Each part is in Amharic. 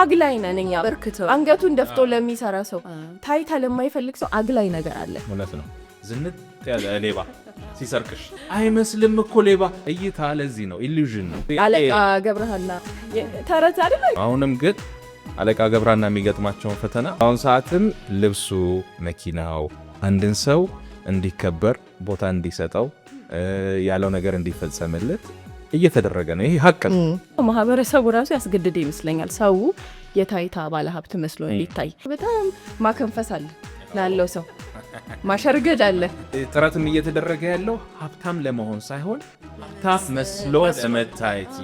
አግላይ ነን እኛ። በርክተው አንገቱን ደፍቶ ለሚሰራ ሰው፣ ታይታ ለማይፈልግ ሰው አግላይ ነገር አለ። እውነት ነው። ዝንጥ ያለ ሌባ ሲሰርክሽ አይመስልም እኮ ሌባ። እይታ ለዚህ ነው ኢሉዥን ነው። አለቃ ገብረሃና ተረት አይደለ? አሁንም ግን አለቃ ገብረሃና የሚገጥማቸውን ፈተና አሁን ሰዓትም ልብሱ፣ መኪናው አንድን ሰው እንዲከበር ቦታ እንዲሰጠው ያለው ነገር እንዲፈጸምለት እየተደረገ ነው። ይሄ ሀቅ ነው። ማህበረሰቡ ራሱ ያስገድደ ይመስለኛል። ሰው የታይታ ባለሀብት መስሎ እንዲታይ በጣም ማከንፈስ አለ ላለው ሰው ማሸርገድ አለ። ጥረትም እየተደረገ ያለው ሀብታም ለመሆን ሳይሆን ሀብታም መስሎ ለመታየት።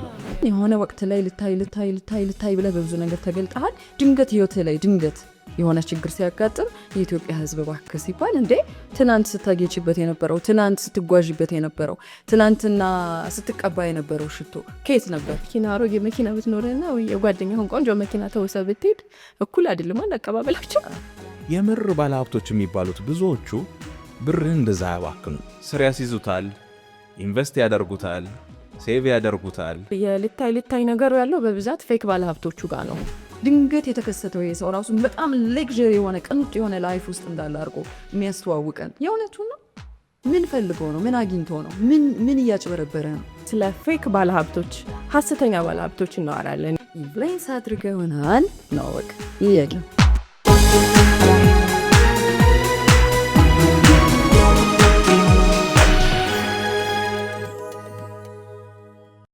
የሆነ ወቅት ላይ ልታይ ልታይ ልታይ ልታይ ብለህ በብዙ ነገር ተገልጠሃል። ድንገት ህይወት ላይ ድንገት የሆነ ችግር ሲያጋጥም የኢትዮጵያ ሕዝብ እባክህ ሲባል እንዴ ትናንት ስታጌችበት የነበረው ትናንት ስትጓዥበት የነበረው ትናንትና ስትቀባ የነበረው ሽቶ ከየት ነበር? መኪና አሮጌ መኪና ብትኖርና የጓደኛህን ቆንጆ መኪና ተውሰ ብትሄድ እኩል አይደለም አቀባበላቸው። የምር ባለሀብቶች የሚባሉት ብዙዎቹ ብርህን እንደዛ ያባክኑ፣ ስር ያስይዙታል፣ ኢንቨስት ያደርጉታል፣ ሴቭ ያደርጉታል። የልታይ ልታይ ነገሩ ያለው በብዛት ፌክ ባለሀብቶቹ ጋር ነው። ድንገት የተከሰተው የሰው ሰው ራሱ በጣም ሌግዥሪ የሆነ ቅንጡ የሆነ ላይፍ ውስጥ እንዳለ አድርጎ የሚያስተዋውቀን የእውነቱ ነው። ምን ፈልገው ነው? ምን አግኝቶ ነው? ምን እያጭበረበረ ነው? ስለ ፌክ ባለሀብቶች፣ ሀሰተኛ ባለሀብቶች እናወራለን። ኢንፍሉዌንስ አድርገውናል ነው በቃ